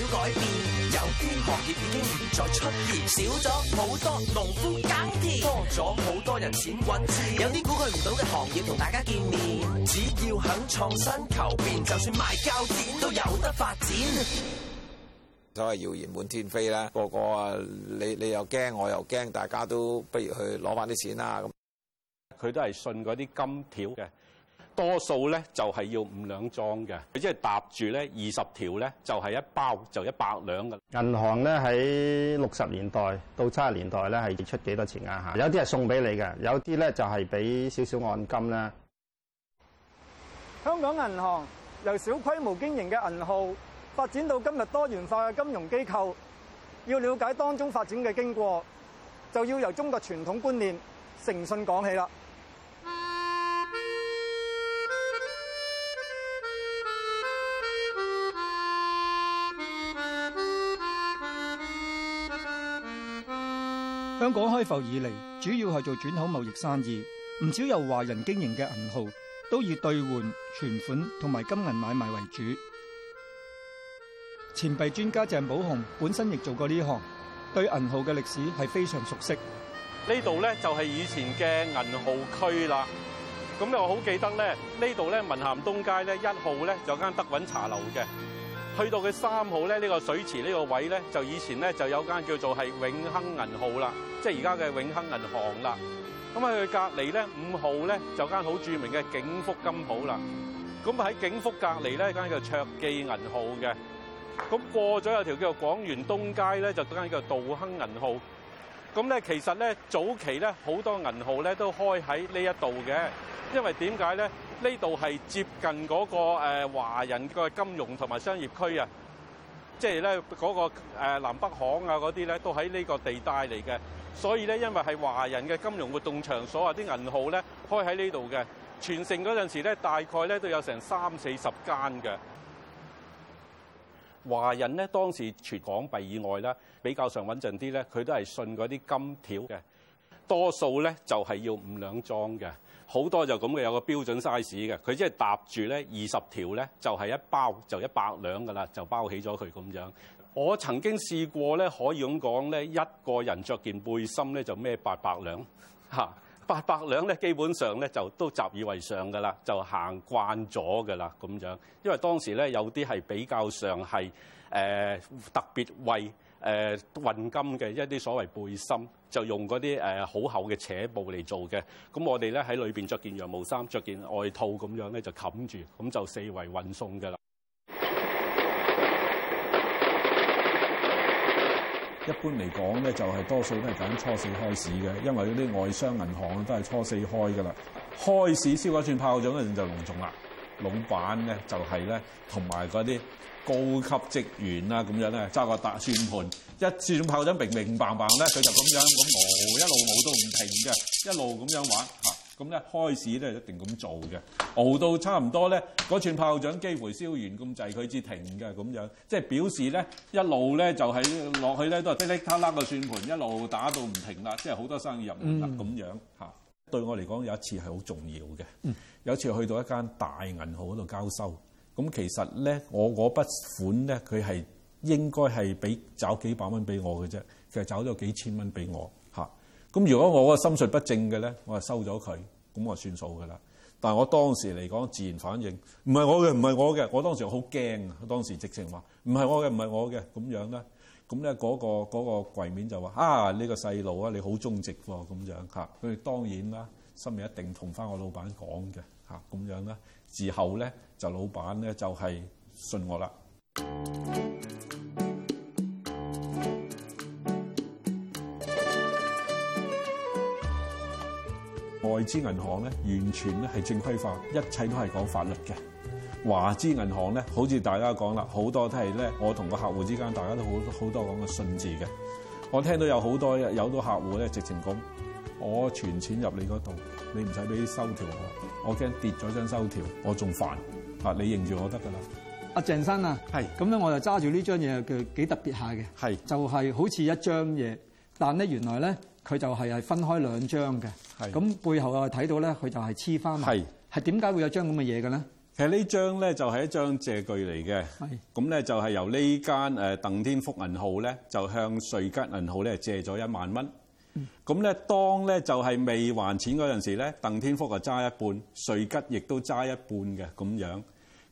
少改變，有啲行業已經唔再出現，少咗好多農夫耕田，多咗好多人閃棍。有啲估佢唔到嘅行業同大家見面，只要肯創新求變，就算賣膠剪都有得發展。所謂謠言滿天飛啦，個個啊，你你又驚，我又驚，大家都不如去攞返啲錢啦咁。佢都係信嗰啲金條嘅。多數咧就係要五兩裝嘅，佢即係搭住咧二十條咧就係一包就一百兩嘅。銀行咧喺六十年代到七十年代咧係出幾多錢啊？嚇，有啲係送俾你嘅，有啲咧就係俾少少按金啦。香港銀行由小規模經營嘅銀號發展到今日多元化嘅金融機構，要了解當中發展嘅經過，就要由中國傳統觀念誠信講起啦。香港開埠以嚟，主要係做轉口貿易生意，唔少由華人經營嘅銀號，都以兌換存款同埋金銀買賣為主。錢幣專家鄭寶雄本身亦做過呢行，對銀號嘅歷史係非常熟悉。呢度呢，就係以前嘅銀號區啦。咁又好記得咧，呢度呢，文咸東街呢，一號呢，就間德韻茶樓嘅。去到嘅三號咧，呢個水池呢個位咧，就以前咧就有間叫做係永亨銀號啦，即係而家嘅永亨銀行啦。咁啊，佢隔離咧五號咧就間好著名嘅景福金舖啦。咁喺景福隔離咧間叫卓記銀號嘅。咁過咗有條叫做廣源東街咧，就間叫道亨銀號。咁咧，其實咧早期咧好多銀號咧都開喺呢一度嘅，因為點解咧？呢度係接近嗰個誒華人嘅金融同埋商業區啊，即係咧嗰個南北行啊嗰啲咧都喺呢個地帶嚟嘅，所以咧因為係華人嘅金融活動場所啊，啲銀號咧開喺呢度嘅。全盛嗰陣時咧，大概咧都有成三四十間嘅。華人咧當時除港幣以外啦，比較上穩陣啲咧，佢都係信嗰啲金條嘅。多數咧就係要五兩裝嘅，好多就咁嘅有個標準 size 嘅。佢即係搭住咧二十條咧，就係一包就一百兩噶啦，就包起咗佢咁樣。我曾經試過咧，可以咁講咧，一個人着件背心咧就孭八百兩嚇。 八百兩咧，基本上咧就都習以為常㗎啦，就行慣咗㗎啦咁樣。因為當時咧有啲係比較上係誒、呃、特別為誒運、呃、金嘅一啲所謂背心，就用啲誒好厚嘅扯布嚟做嘅。咁我哋咧喺裏邊着件羊毛衫，着件外套咁樣咧就冚住，咁就四圍運送㗎啦。一般嚟講咧，就係、是、多數都係等初四開市嘅，因為嗰啲外商銀行都係初四開噶啦。開市燒一串炮仗咧，就隆重啦。老闆咧就係、是、咧，同埋嗰啲高級職員啦，咁樣咧揸個大算盤，一串炮仗明明棒棒咧，佢就咁樣咁舞一路舞都唔停嘅，一路咁樣玩。咁咧開始咧一定咁做嘅，熬到差唔多咧，嗰串炮仗幾乎燒完咁滯，佢至停嘅咁樣，即係表示咧一路咧就係落去咧都係滴哩卡啦個算盤，一路打到唔停啦，即係好多生意入門啦咁樣嚇。對我嚟講，有一次係好重要嘅，有一次去到一間大銀行嗰度交收，咁其實咧我嗰筆款咧佢係應該係俾找幾百蚊俾我嘅啫，其實找咗幾千蚊俾我。咁如果我個心術不正嘅呢，我就收咗佢，咁我算數㗎啦。但係我當時嚟講，自然反應，唔係我嘅，唔係我嘅。我當時好驚啊！當時直情話，唔係我嘅，唔係我嘅，咁樣呢，咁呢嗰個嗰個櫃面就話，啊呢個細路啊，你好忠直喎，咁樣嚇。佢哋當然啦，心入一定同翻我老闆講嘅嚇，咁樣啦。之後呢，就老闆呢，就係信我啦。嗯匯知銀行咧，完全咧係正規化，一切都係講法律嘅。華資銀行咧，好似大家講啦，好多都係咧，我同個客戶之間，大家都好好多講個信字嘅。我聽到有好多有好多客戶咧，直情講，我存錢入你嗰度，你唔使俾收條我，我驚跌咗張收條，我仲煩。啊，你認住我得噶啦。阿鄭生啊，係咁咧，我是就揸住呢張嘢，佢幾特別下嘅，係就係好似一張嘢，但咧原來咧。佢就係係分開兩張嘅，咁背後啊睇到咧，佢就係黐翻埋。係，係點解會有張咁嘅嘢嘅咧？其實呢張咧就係一張借據嚟嘅，咁咧就係由呢間誒鄧天福銀號咧就向瑞吉銀號咧借咗一萬蚊。咁咧當咧就係未還錢嗰陣時咧，鄧天福啊揸一半，瑞吉亦都揸一半嘅咁樣。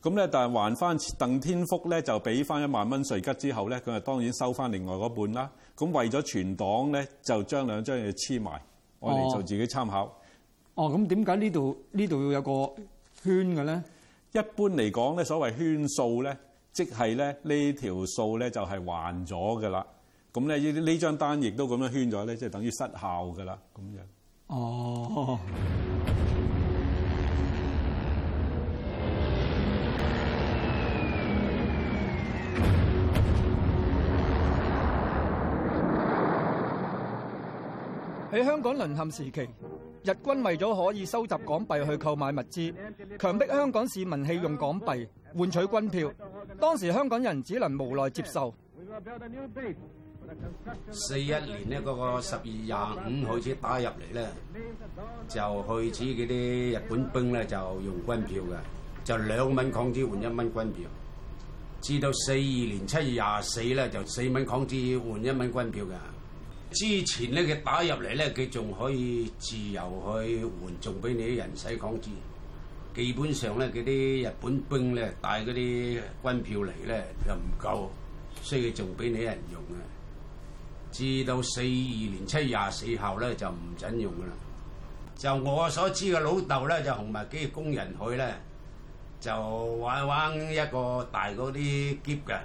咁咧，但係還翻鄧天福咧，就俾翻一萬蚊稅吉之後咧，佢啊當然收翻另外嗰半啦。咁為咗存檔咧，就將兩張嘢黐埋，我哋就自己參考。哦，咁點解呢度呢度要有個圈嘅咧？一般嚟講咧，所謂圈數咧，即係咧呢條數咧就係、是、還咗嘅啦。咁咧呢呢張單亦都咁樣圈咗咧，即、就、係、是、等於失效嘅啦。咁樣。哦。哦喺香港淪陷時期，日軍為咗可以收集港幣去購買物資，強迫香港市民棄用港幣換取軍票。當時香港人只能無奈接受。四一年咧，嗰個十二廿五開始打入嚟咧，就開始嗰啲日本兵咧就用軍票嘅，就兩蚊港紙換一蚊軍票。至到四二年七月廿四咧，就四蚊港紙換一蚊軍票嘅。之前咧，佢打入嚟咧，佢仲可以自由去換仲俾你啲人使港紙。基本上咧，佢啲日本兵咧帶嗰啲軍票嚟咧就唔夠，所以仲俾你啲人用啊。至到四二年七月廿四後咧，就唔准用啦。就我所知嘅老豆咧，就同埋機工人去咧，就玩玩一個大嗰啲喼嘅，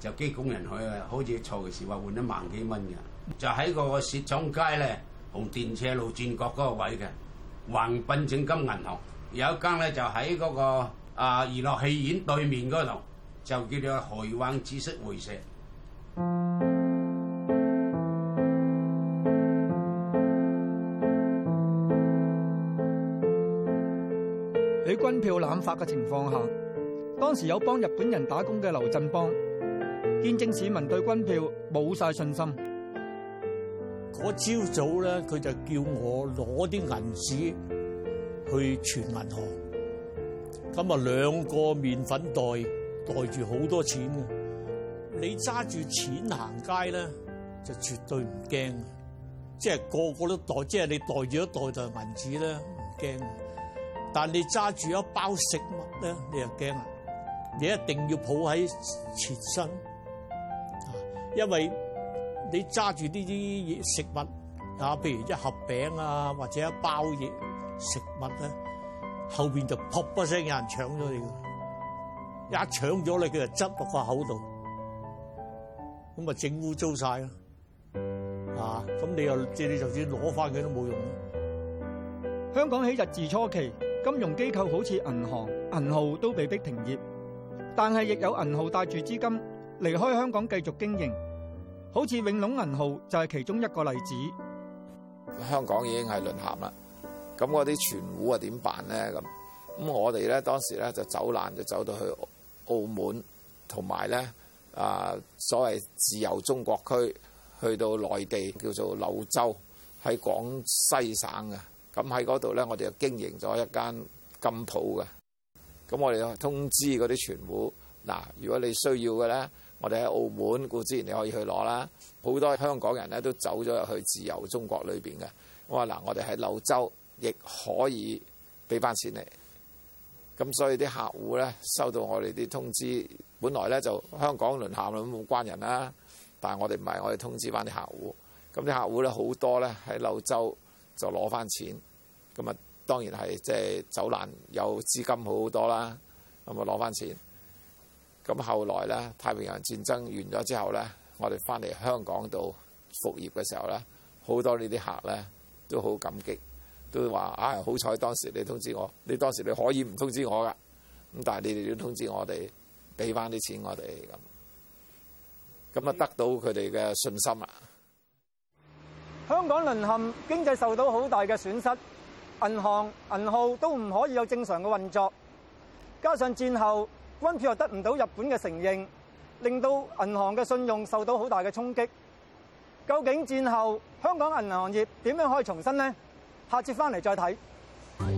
就機工人去啊，好似錯嘅時話，換一萬幾蚊嘅。就喺嗰個雪廠街咧，同電車路轉角個位嘅橫濱正金銀行有一間咧，就喺嗰、那個、啊娛樂戲院對面度，就叫做海灣知識會社。喺軍票濫發嘅情況下，當時有幫日本人打工嘅劉振邦見證市民對軍票冇晒信心。嗰朝早咧，佢就叫我攞啲銀紙去存銀行。咁啊，兩個麵粉袋袋住好多錢嘅。你揸住錢行街咧，就絕對唔驚。即係個個都袋，即係你袋住一袋袋銀紙咧，唔驚。但係你揸住一包食物咧，你又驚啊！你一定要抱喺前身，因為。你揸住呢啲食物啊，譬如一盒餅啊，或者一包嘢食物咧，後邊就噗不聲有人搶咗你，一搶咗你佢就執落個口度，咁啊整污糟曬啦，啊咁你又即係你就算攞翻佢都冇用。香港喺日治初期，金融機構好似銀行、銀號都被迫停業，但係亦有銀號帶住資金離開香港繼續經營。好似永隆銀號就係其中一個例子。香港已經係淪陷啦，咁嗰啲存戶啊點辦咧？咁咁我哋咧當時咧就走難就走到去澳門，同埋咧啊所謂自由中國區，去到內地叫做柳州喺廣西省啊。咁喺嗰度咧我哋就經營咗一間金鋪嘅。咁我哋通知嗰啲存戶，嗱如果你需要嘅咧。我哋喺澳門，固之然你可以去攞啦。好多香港人咧都走咗入去自由中國裏邊嘅。我話嗱，我哋喺柳州亦可以俾翻錢嚟。咁所以啲客戶咧收到我哋啲通知，本來咧就香港淪陷啦，冇關人啦。但係我哋唔係，我哋通知翻啲客戶。咁啲客戶咧好多咧喺柳州就攞翻錢。咁啊，當然係即係走難有資金好好多啦。咁啊攞翻錢。咁後來咧，太平洋戰爭完咗之後咧，我哋翻嚟香港度復業嘅時候咧，好多呢啲客咧都好感激，都話啊、哎、好彩當時你通知我，你當時你可以唔通知我噶，咁但係你哋要通知我哋俾翻啲錢我哋咁，咁啊得到佢哋嘅信心啊。香港淪陷，經濟受到好大嘅損失，銀行銀號都唔可以有正常嘅運作，加上戰後。軍票又得唔到日本嘅承認，令到銀行嘅信用受到好大嘅衝擊。究竟戰後香港銀行業點樣可以重新呢？下次翻嚟再睇。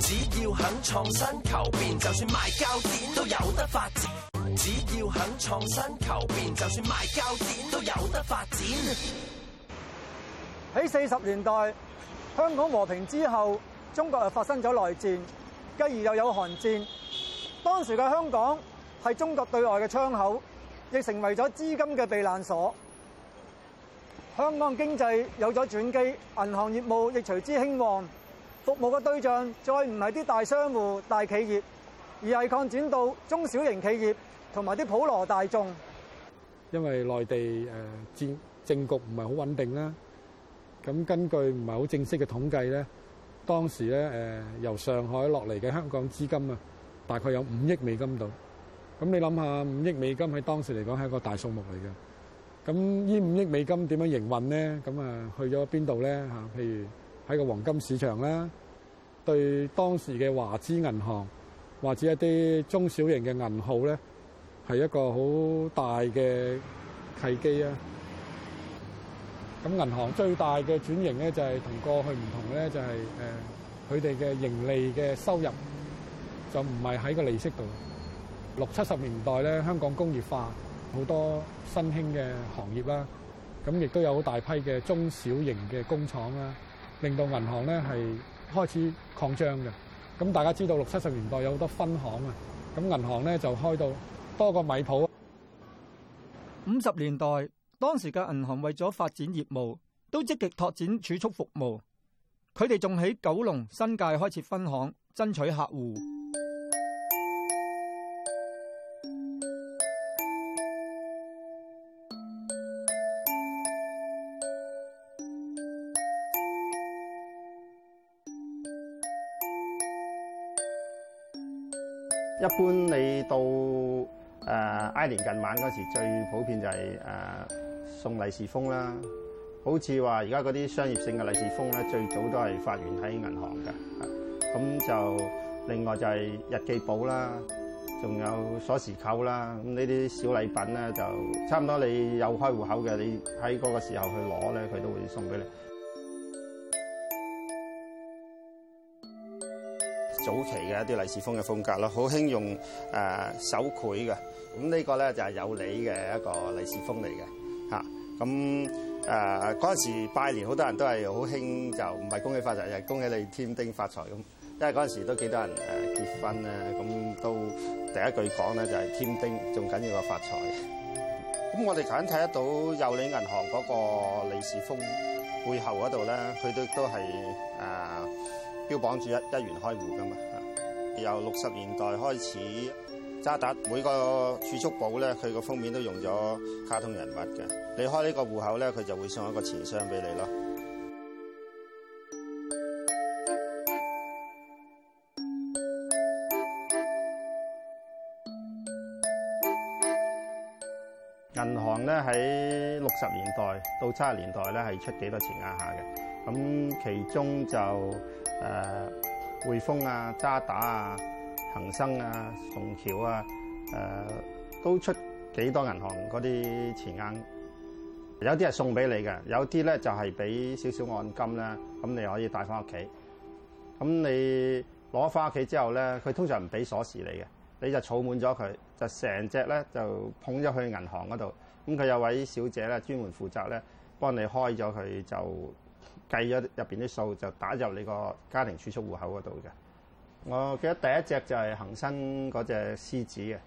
只要肯創新求變，就算賣膠剪都有得發展。只要肯創新求變，就算賣膠剪都有得發展。喺四十年代，香港和平之後，中國又發生咗內戰，繼而又有韓戰。當時嘅香港。係中國對外嘅窗口，亦成為咗資金嘅避難所。香港經濟有咗轉機，銀行業務亦隨之興旺。服務嘅對象再唔係啲大商戶、大企業，而係擴展到中小型企業同埋啲普羅大眾。因為內地誒政政局唔係好穩定啦，咁根據唔係好正式嘅統計咧，當時咧誒由上海落嚟嘅香港資金啊，大概有五億美金度。咁你諗下，五億美金喺當時嚟講係一個大數目嚟嘅。咁呢五億美金點樣營運咧？咁啊，去咗邊度咧？嚇，譬如喺個黃金市場啦，對當時嘅華資銀行或者一啲中小型嘅銀號咧，係一個好大嘅契機啊！咁銀行最大嘅轉型咧，就係同過去唔同咧，就係誒佢哋嘅盈利嘅收入就唔係喺個利息度。六七十年代咧，香港工業化，好多新興嘅行業啦，咁亦都有好大批嘅中小型嘅工廠啦，令到銀行咧係開始擴張嘅。咁大家知道六七十年代有好多分行啊，咁銀行咧就開到多個米鋪。五十年代，當時嘅銀行為咗發展業務，都積極拓展儲蓄服務，佢哋仲喺九龍新界開設分行，爭取客戶。一般你到誒埃年近晚嗰時，最普遍就係誒送利是封啦。好似話而家嗰啲商業性嘅利是封咧，最早都係發源喺銀行嘅。咁就另外就係日記簿啦，仲有鎖匙扣啦。咁呢啲小禮品咧，就差唔多你有開戶口嘅，你喺嗰個時候去攞咧，佢都會送俾你。早期嘅一啲利是封嘅風格咯，好興用誒、呃、手繪嘅，咁呢個咧就係、是、有利嘅一個利是封嚟嘅嚇。咁誒嗰陣時拜年好多人都係好興就唔係恭喜發財，係恭喜你添丁發財咁。因為嗰陣時都幾多人、呃、結婚咧，咁都第一句講咧就係、是、添丁，仲緊要個發財。咁我哋頭先睇得到有利銀行嗰個利是封背後嗰度咧，佢都都係誒。標榜住一一元開戶噶嘛？嗯、由六十年代開始渣打每個儲蓄簿咧，佢個封面都用咗卡通人物嘅。你開呢個戶口咧，佢就會送一個錢箱俾你咯。銀行咧喺六十年代到七十年代咧，係出幾多錢壓下嘅？咁其中就。誒匯豐啊、渣打啊、恒生啊、宋橋啊，誒、啊、都出幾多銀行嗰啲錢銀，有啲係送俾你嘅，有啲咧就係俾少少按金啦，咁你可以帶翻屋企。咁你攞翻屋企之後咧，佢通常唔俾鎖匙你嘅，你就儲滿咗佢，就成隻咧就捧咗去銀行嗰度，咁佢有位小姐咧專門負責咧幫你開咗佢就。計咗入面啲數就打入你個家庭儲蓄戶口嗰度嘅。我記得第一隻就係恆生嗰隻獅子嘅、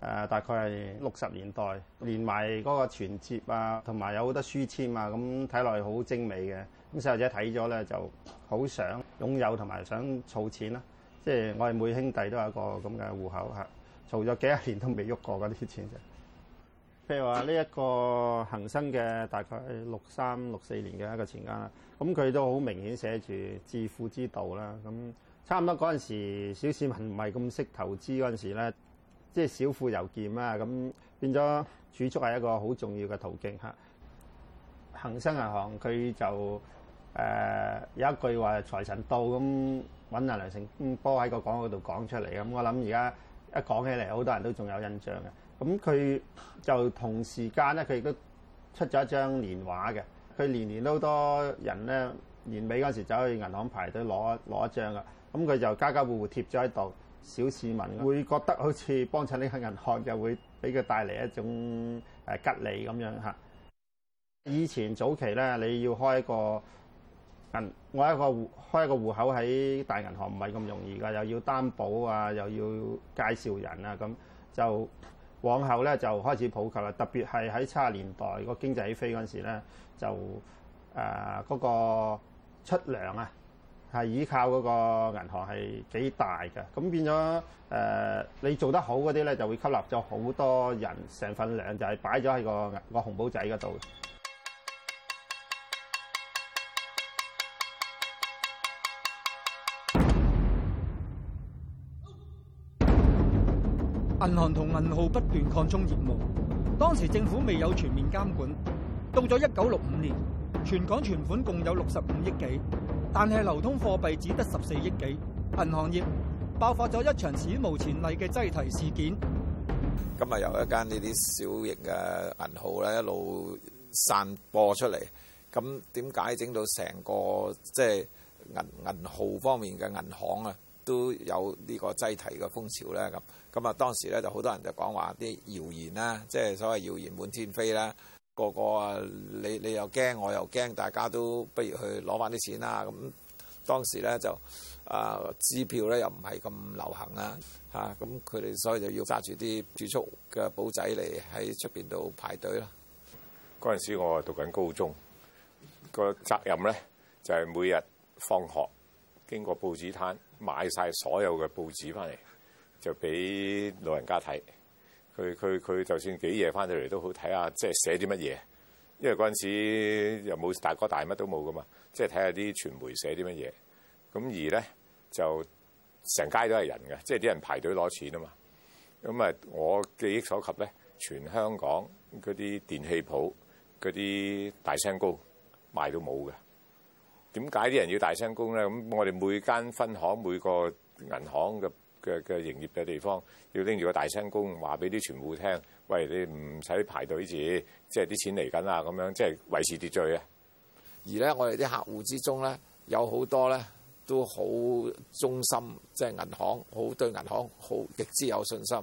呃，大概係六十年代，連埋嗰個存摺啊，同埋有好多書籤啊，咁睇落去好精美嘅。咁細路仔睇咗咧就好想擁有同埋想儲錢啦、啊。即係我哋每兄弟都有一個咁嘅戶口嚇，儲咗幾十年都未喐過嗰啲錢譬如話呢一個恒生嘅大概六三六四年嘅一個錢鈔啦，咁佢都好明顯寫住致富之道啦。咁差唔多嗰陣時，小市民唔係咁識投資嗰陣時咧，即、就、係、是、小富由儉啊，咁變咗儲蓄係一個好重要嘅途徑嚇。恒生銀行佢就誒、呃、有一句話財神到咁揾阿梁醒波喺個廣告度講出嚟咁，我諗而家一講起嚟，好多人都仲有印象嘅。咁佢、嗯、就同時間咧，佢亦都出咗一張年畫嘅。佢年年都好多人咧，年尾嗰陣時走去銀行排隊攞攞一,一張噶。咁、嗯、佢就家家戶戶貼咗喺度，小市民會覺得好似幫襯呢個銀行，又會俾佢帶嚟一種誒、呃、吉利咁樣吓。以前早期咧，你要開一個銀，我一個戶開一個戶口喺大銀行唔係咁容易㗎，又要擔保啊，又要介紹人啊，咁就。往後咧就開始普及啦，特別係喺七十年代個經濟起飛嗰陣時咧，就誒嗰、呃那個出糧啊，係依靠嗰個銀行係幾大嘅，咁變咗誒、呃、你做得好嗰啲咧就會吸納咗好多人，成份糧就係擺咗喺個、那個紅寶仔嗰度。銀行同銀號不斷擴充業務，當時政府未有全面監管。到咗一九六五年，全港存款共有六十五億幾，但係流通貨幣只得十四億幾。銀行業爆發咗一場史無前例嘅擠提事件。今日由一間呢啲小型嘅銀號，咧，一路散播出嚟。咁點解整到成個即係銀銀號方面嘅銀行啊？都有呢個擠提嘅風潮咧，咁咁啊！當時咧就好多人就講話啲謠言啦，即係所謂謠言滿天飛啦。個個啊，你你又驚，我又驚，大家都不如去攞翻啲錢啦。咁當時咧就啊，支票咧又唔係咁流行啦。嚇咁佢哋所以就要揸住啲儲蓄嘅簿仔嚟喺出邊度排隊啦。嗰陣時我係讀緊高中，個責任咧就係每日放學經過報紙攤。買晒所有嘅報紙翻嚟，就俾老人家睇。佢佢佢就算幾夜翻到嚟都好，睇下即係寫啲乜嘢。因為嗰陣時又冇大、大哥大，乜都冇噶嘛。即係睇下啲傳媒寫啲乜嘢。咁而咧就成街都係人嘅，即係啲人排隊攞錢啊嘛。咁啊，我記憶所及咧，全香港嗰啲電器鋪、嗰啲大聲高賣到冇嘅。買都沒點解啲人要大聲公咧？咁我哋每間分行每個銀行嘅嘅嘅營業嘅地方要拎住個大聲公，話俾啲存戶聽。喂，你唔使排隊住，即係啲錢嚟緊啦。咁樣即係維持秩序啊。而咧，我哋啲客戶之中咧，有好多咧都好忠心，即係銀行好對銀行好極之有信心。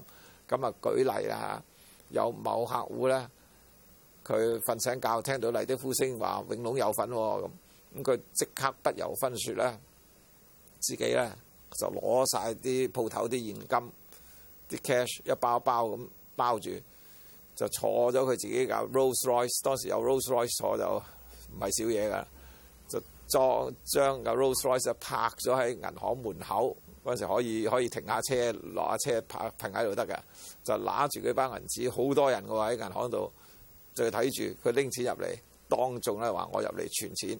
咁啊，舉例啦有某客戶咧，佢瞓醒覺聽到嚟啲呼聲，話永隆有份喎、哦、咁。咁佢即刻不由分説咧，自己咧就攞晒啲鋪頭啲現金啲 cash 一,一包包咁包住，就坐咗佢自己架 Rolls Royce。當時有 Rolls Royce 坐就唔係少嘢㗎，就裝將個 Rolls Royce 一泊咗喺銀行門口嗰陣時可，可以可以停下車落下車泊停喺度得㗎。就揦住佢包銀紙，好多人㗎喎喺銀行度就睇住佢拎錢入嚟，當眾咧話我入嚟存錢。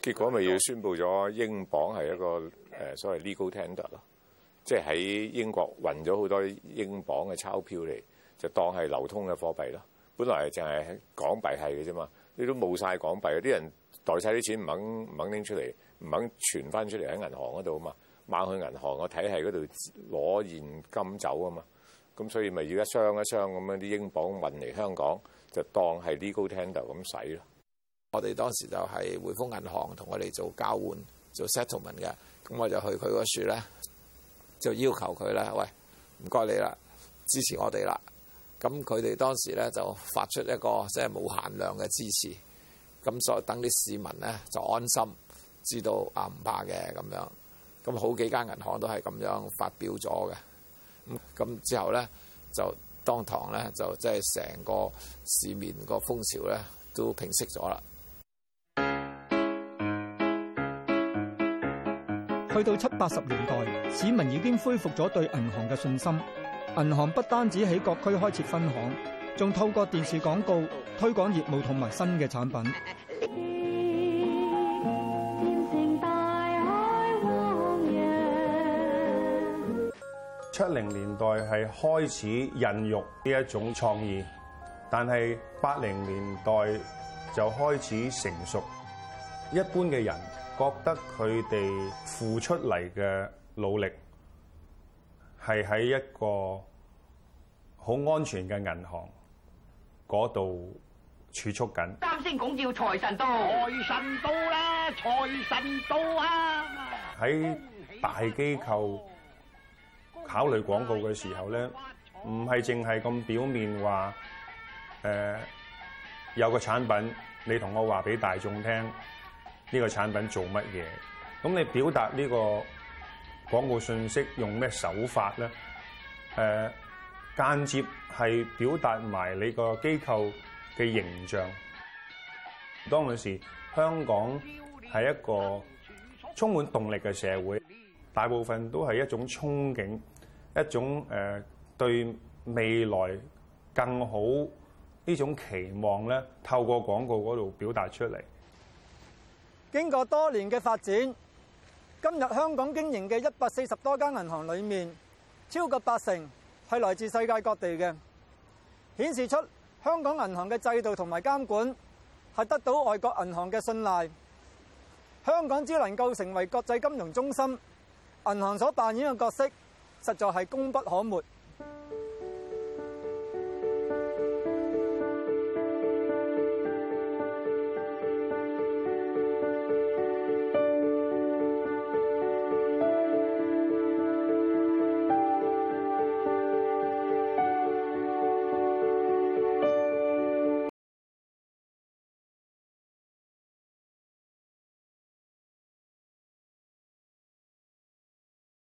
結果咪要宣布咗英鎊係一個誒所謂 legal tender 咯，即係喺英國運咗好多英鎊嘅鈔票嚟，就當係流通嘅貨幣咯。本來淨係港幣係嘅啫嘛，你都冇晒港幣，啲人代晒啲錢，唔肯拎出嚟，唔肯存翻，出嚟喺銀行嗰度啊嘛，猛去銀行我睇係嗰度攞現金走啊嘛，咁所以咪要一箱一箱咁樣啲英鎊運嚟香港，就當係 legal tender 咁使咯。我哋當時就係匯豐銀行同我哋做交換做 settlement 嘅，咁我就去佢個處咧，就要求佢咧，喂，唔該你啦，支持我哋啦。咁佢哋當時咧就發出一個即係冇限量嘅支持，咁所以等啲市民咧就安心知道啊，唔怕嘅咁樣。咁好幾間銀行都係咁樣發表咗嘅。咁咁之後咧就當堂咧就即係成個市面個風潮咧都平息咗啦。去到七八十年代，市民已經恢復咗對銀行嘅信心。銀行不單止喺各區開設分行，仲透過電視廣告推廣業務同埋新嘅產品。七零年代係開始孕育呢一種創意，但係八零年代就開始成熟。一般嘅人，覺得佢哋付出嚟嘅努力係喺一個好安全嘅銀行嗰度儲蓄緊。啱先講叫財神到，財神到啦，財神到啊！喺大機構考慮廣告嘅時候咧，唔係淨係咁表面話，誒有個產品，你同我話俾大眾聽。呢個產品做乜嘢？咁你表達呢個廣告信息用咩手法咧？誒、呃，間接係表達埋你個機構嘅形象。當陣時，香港係一個充滿動力嘅社會，大部分都係一種憧憬，一種誒、呃、對未來更好呢種期望咧，透過廣告嗰度表達出嚟。經過多年嘅發展，今日香港經營嘅一百四十多間銀行裏面，超過八成係來自世界各地嘅，顯示出香港銀行嘅制度同埋監管係得到外國銀行嘅信賴。香港只能夠成為國際金融中心，銀行所扮演嘅角色實在係功不可沒。